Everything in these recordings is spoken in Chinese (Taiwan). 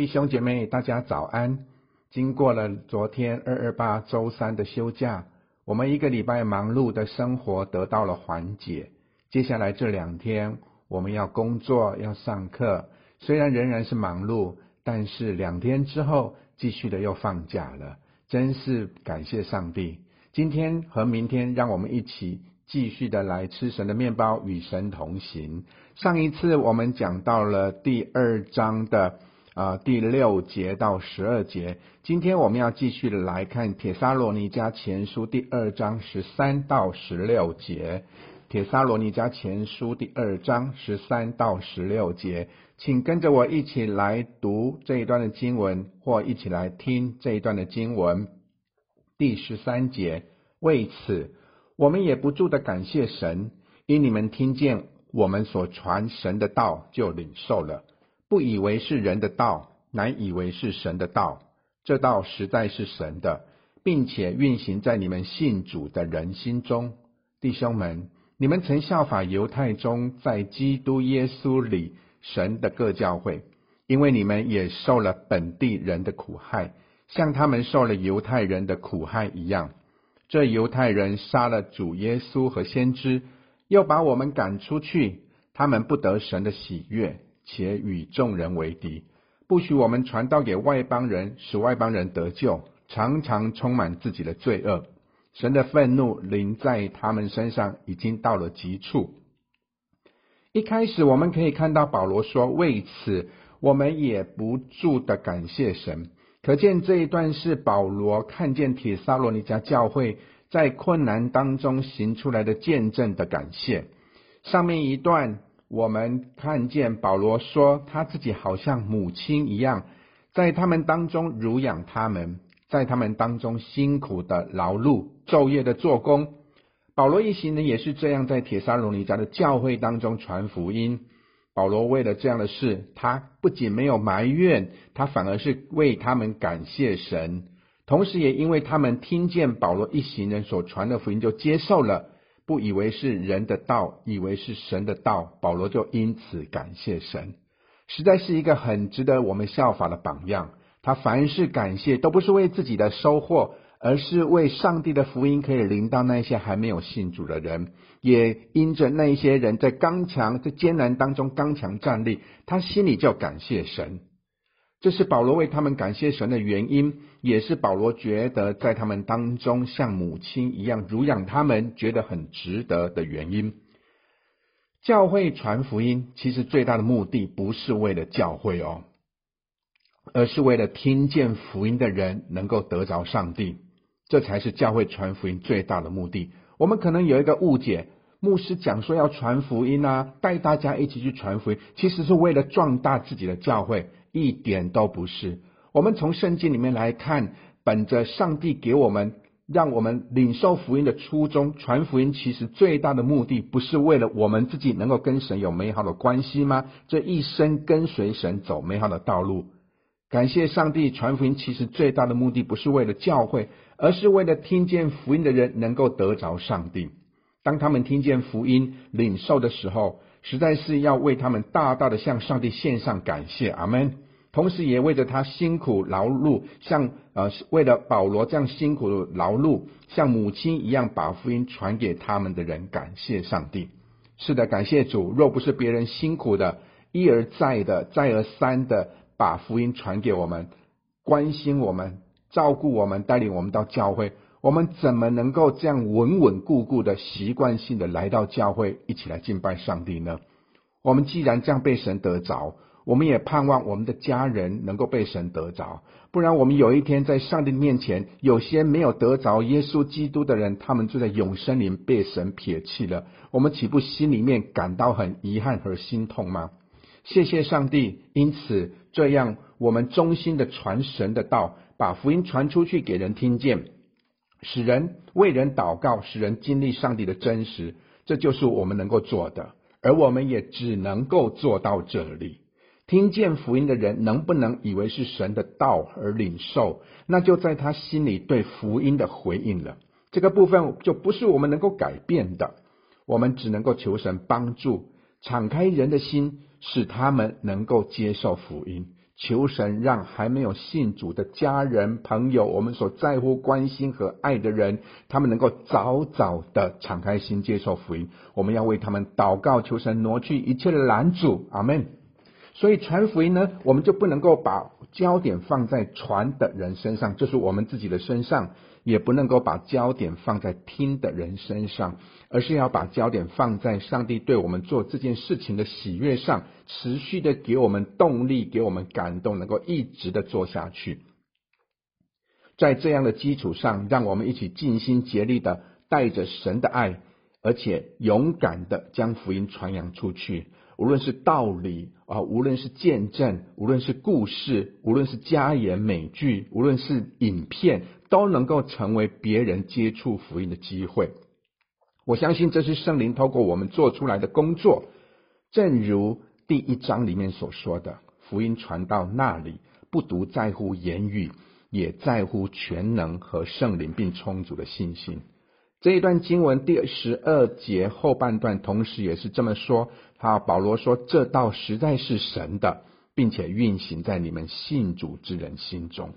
弟兄姐妹，大家早安！經過了昨天二二八周三的休假，我們一個禮拜忙碌的生活得到了緩解。接下來這兩天我們要工作、要上課，雖然仍然是忙碌，但是兩天之後繼續的又放假了，真是感謝上帝！今天和明天，讓我們一起繼續的來吃神的麵包，與神同行。上一次我們講到了第二章的。啊，第六節到十二節，今天我們要繼續來看《帖撒羅尼迦前書》第二章十三到十六節，《帖撒羅尼迦前書》第二章十三到十六節，請跟着我一起來讀這一段的經文，或一起來聽這一段的經文。第十三節，為此，我們也不住的感謝神，因你們聽見我們所傳神的道，就領受了。不以為是人的道，乃以為是神的道。這道實在是神的，並且運行在你們信主的人心中。弟兄們，你們曾效法猶太中在基督耶穌裡神的各教會，因為你們也受了本地人的苦害，像他們受了猶太人的苦害一樣。這猶太人殺了主耶穌和先知，又把我們趕出去，他們不得神的喜悅。且與眾人為敵，不許我們傳道給外邦人，使外邦人得救。常常充滿自己的罪惡，神的憤怒臨在他們身上，已經到了極處。一開始我們可以看到保羅說：“為此，我們也不住的感謝神。”可見這一段是保羅看見鐵薩羅尼加教會在困難當中行出來的見證的感謝。上面一段。我們看見保羅說他自己好像母親一樣，在他們當中乳養他們，在他們當中辛苦的勞碌，晝夜的做工。保羅一行人也是這樣，在帖撒羅尼迦的教會當中傳福音。保羅為了這樣的事，他不僅沒有埋怨，他反而是為他們感謝神，同時也因為他們聽見保羅一行人所傳的福音，就接受了。不以為是人的道，以為是神的道。保羅就因此感謝神，實在是一個很值得我們效法的榜樣。他凡事感謝，都不是為自己的收穫，而是為上帝的福音可以臨到那些還沒有信主的人，也因着那些人在剛強，在艱難當中剛強站立，他心裡就感謝神。這是保羅為他們感謝神的原因，也是保羅覺得在他們當中像母親一樣濡養他們，覺得很值得的原因。教會傳福音，其實最大的目的不是為了教會哦，而是為了聽見福音的人能夠得着上帝，這才是教會傳福音最大的目的。我們可能有一個誤解，牧師講說要傳福音啊，帶大家一起去傳福音，其實是為了壯大自己的教會。一點都不是。我們從聖經裡面來看，本着上帝給我們，讓我們領受福音的初衷，傳福音其實最大的目的，不是為了我們自己能夠跟神有美好的關係嗎？這一生跟隨神走美好的道路，感謝上帝，傳福音其實最大的目的，不是為了教會，而是為了聽見福音的人能夠得着上帝。當他們聽見福音領受的時候，實在是要為他們大大的向上帝獻上感謝，阿門。同時也為着他辛苦勞碌，像呃，為了保羅這樣辛苦勞碌，像母親一樣把福音傳給他們的人，感謝上帝。是的，感謝主。若不是別人辛苦的，一而再的，再而三的把福音傳給我們，關心我們，照顧我們，帶領我們到教會。我們怎麼能夠這樣穩穩固固的習慣性的來到教會，一起來敬拜上帝呢？我們既然這樣被神得着，我們也盼望我們的家人能夠被神得着。不然，我們有一天在上帝面前，有些沒有得着耶穌基督的人，他們就在永生裡被神撇棄了。我們豈不心裡面感到很遺憾和心痛嗎？謝謝上帝！因此，這樣我們衷心的傳神的道，把福音傳出去給人聽見。使人為人禱告，使人經歷上帝的真實，這就是我們能夠做的，而我們也只能夠做到這裡。聽見福音的人，能不能以為是神的道而領受，那就在他心裡對福音的回應了。這個部分就不是我們能夠改變的，我們只能夠求神幫助，敞開人的心，使他們能夠接受福音。求神讓還沒有信主的家人、朋友，我們所在乎、關心和愛的人，他們能夠早早的敞開心，接受福音。我們要為他們禱告，求神挪去一切的攔阻。阿門。所以傳福音呢，我們就不能夠把焦點放在傳的人身上，就是我們自己的身上，也不能夠把焦點放在聽的人身上，而是要把焦點放在上帝對我們做這件事情的喜悅上，持續的給我們動力，給我們感動，能夠一直的做下去。在這樣的基礎上，讓我們一起盡心竭力的帶着神的愛，而且勇敢的將福音傳揚出去。無論是道理啊，無論是見證，無論是故事，無論是佳言美句，無論是影片，都能夠成為別人接觸福音的機會。我相信這是聖靈透過我們做出來的工作。正如第一章裡面所說的，福音傳到那裡，不獨在乎言語，也在乎全能和聖靈並充足的信心。這一段經文第十二節後半段，同時也是這麼說：哈，保羅說，這道實在是神的，並且運行在你們信主之人心中。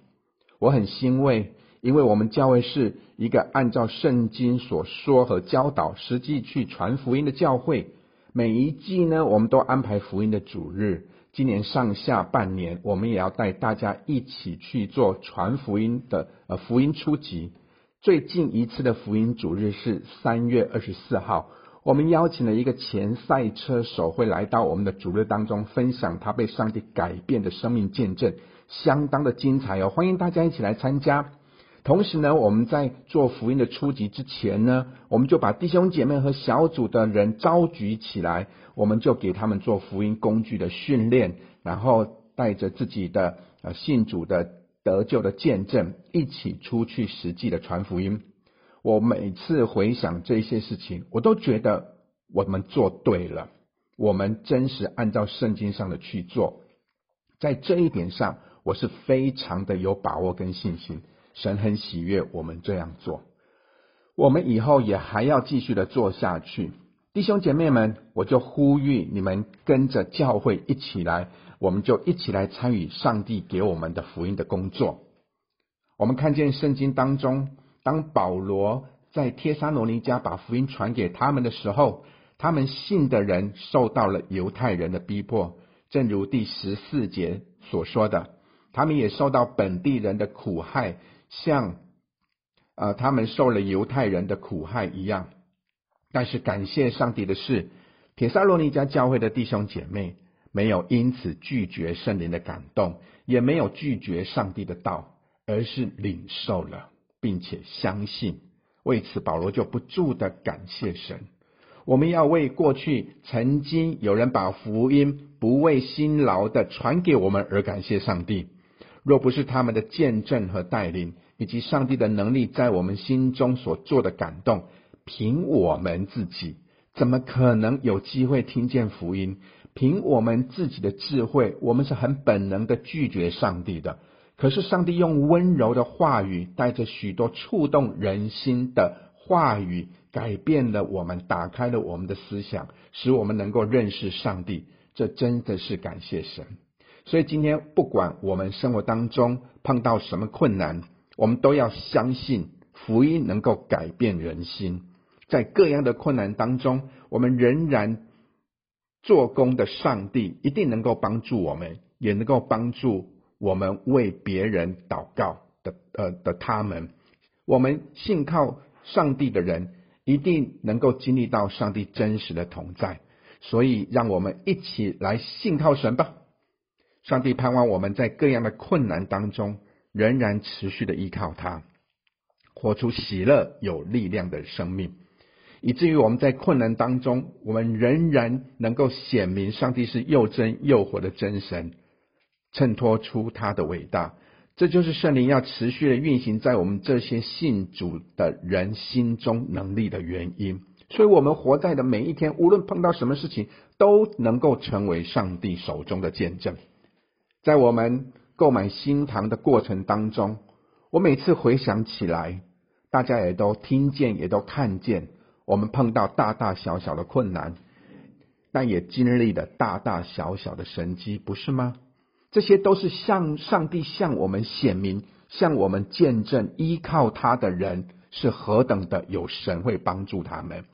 我很欣慰，因為我們教會是一個按照聖經所說和教導，實際去傳福音的教會。每一季呢，我們都安排福音的主日。今年上下半年，我們也要帶大家一起去做傳福音的呃福音出擊。最近一次的福音主日是三月二十四號，我們邀請了一個前賽車手會來到我們的主日當中分享他被上帝改變的生命見證，相當的精彩哦，歡迎大家一起來參加。同時呢，我們在做福音的初級之前呢，我們就把弟兄姐妹和小組的人召集起來，我們就給他們做福音工具的訓練，然後帶着自己的呃信主的。得救的見證，一起出去實際的傳福音。我每次回想這一些事情，我都覺得我們做對了，我們真實按照聖經上的去做，在這一點上我是非常的有把握跟信心。神很喜悅我們這樣做，我們以後也還要繼續的做下去。弟兄姐妹們，我就呼籲你們跟着教會一起來。我們就一起來參與上帝給我們的福音的工作。我們看見聖經當中，當保羅在帖撒羅尼迦把福音傳給他們的時候，他們信的人受到了猶太人的逼迫，正如第十四節所說的，他們也受到本地人的苦害，像呃他們受了猶太人的苦害一樣。但是感謝上帝的是，帖撒羅尼迦教會的弟兄姐妹，沒有因此拒絕聖靈的感動，也沒有拒絕上帝的道，而是領受了，並且相信。為此，保羅就不住的感謝神。我們要為過去曾經有人把福音不畏辛勞的傳給我們而感謝上帝。若不是他們的見證和帶領，以及上帝的能力在我們心中所做的感動，憑我們自己怎麼可能有機會聽見福音？憑我們自己的智慧，我們是很本能的拒絕上帝的。可是上帝用溫柔的話語，帶着許多觸動人心的話語，改變了我們，打開了我們的思想，使我們能夠認識上帝。這真的是感謝神。所以今天不管我們生活當中碰到什麼困難，我們都要相信福音能夠改變人心。在各樣的困難當中，我們仍然。做工的上帝一定能夠幫助我們，也能夠幫助我們為別人禱告的，呃的他們。我們信靠上帝的人一定能夠經歷到上帝真實的同在。所以，讓我們一起來信靠神吧！上帝盼望我們在各樣的困難當中，仍然持續的依靠他，活出喜樂有力量的生命。以至於我們在困難當中，我們仍然能夠顯明上帝是又真又活的真神，襯托出他的偉大。這就是聖靈要持續的運行在我們這些信主的人心中能力的原因。所以，我們活在的每一天，無論碰到什麼事情，都能夠成為上帝手中的見證。在我們購買新堂的過程當中，我每次回想起來，大家也都聽見，也都看見。我們碰到大大小小的困難，但也經歷了大大小小的神蹟，不是嗎？這些都是向上帝向我們顯明、向我們見證，依靠他的人是何等的有神會幫助他們。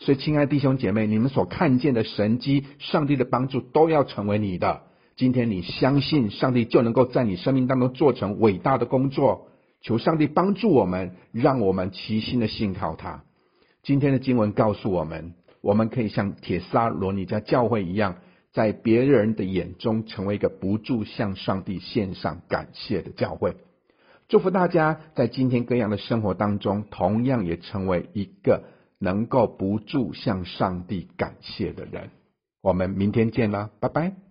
所以，親愛弟兄姐妹，你們所看見的神蹟，上帝的幫助，都要成為你的。今天，你相信上帝，就能夠在你生命當中做成偉大的工作。求上帝幫助我們，讓我們齊心的信靠他。今天的經文告訴我們，我們可以像帖撒羅尼迦教會一樣，在別人的眼中成為一個不住向上帝獻上感謝的教會。祝福大家在今天各樣的生活當中，同樣也成為一個能夠不住向上帝感謝的人。我們明天見啦，拜拜。